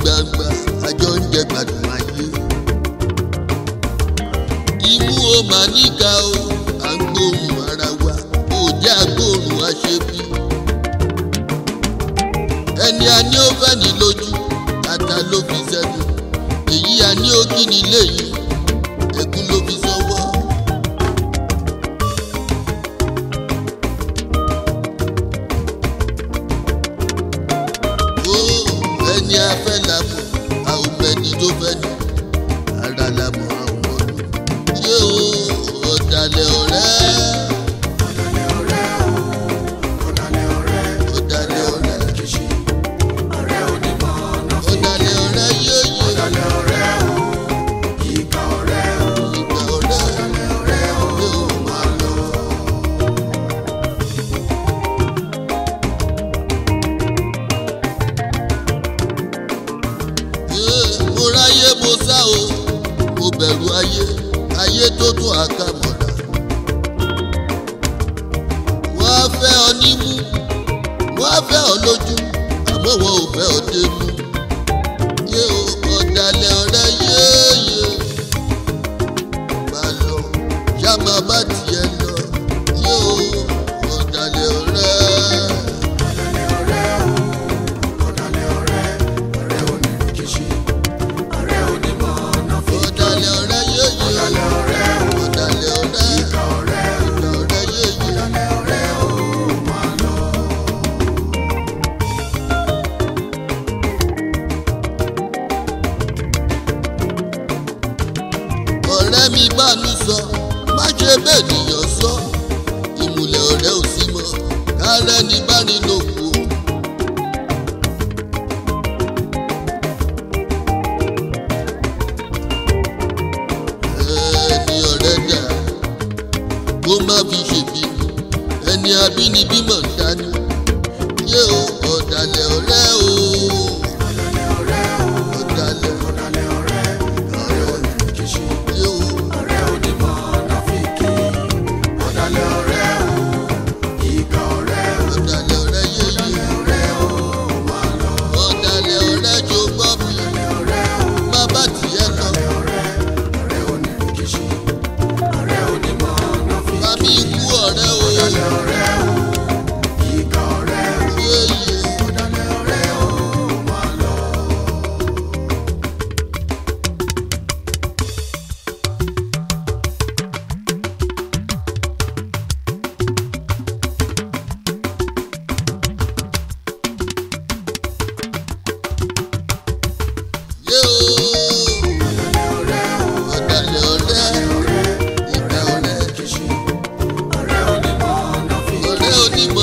gbangba àjọ ń jẹ gbádùn ayé. imú o mà níka o à ń gbóhùn ara wa ò jẹ́ àgbóhùn aṣebi. ẹni a ní ó fẹ́ ní lójú tata ló fi sẹ́nu èyí a ní ó kí ni léyìí ẹ̀kú ló fi sẹ́nu. fẹ́ dùn ara la mọ̀ àwọn ọ̀dùn. ṣé o ọ̀dàlẹ̀ ọ̀rẹ́. o mo bẹ̀rù ayé ayé tó tún àkàmọ̀dà. wọ́n á fẹ́ ọ nímú wọ́n á fẹ́ ọ lójú àmọ́ wọn ò fẹ́ ọ dé mú. ṣe bẹ́ẹ̀ nìyàn sọ ìmùlẹ̀ ọ̀rẹ́ ò sí mọ́ rárá ẹni bá nínú òkú. ẹni ọ̀rẹ́ dà kó má fi ṣèbí ẹni abínibí mọ̀ dání yé o ọ̀dàlẹ̀ ọ̀rẹ́ o.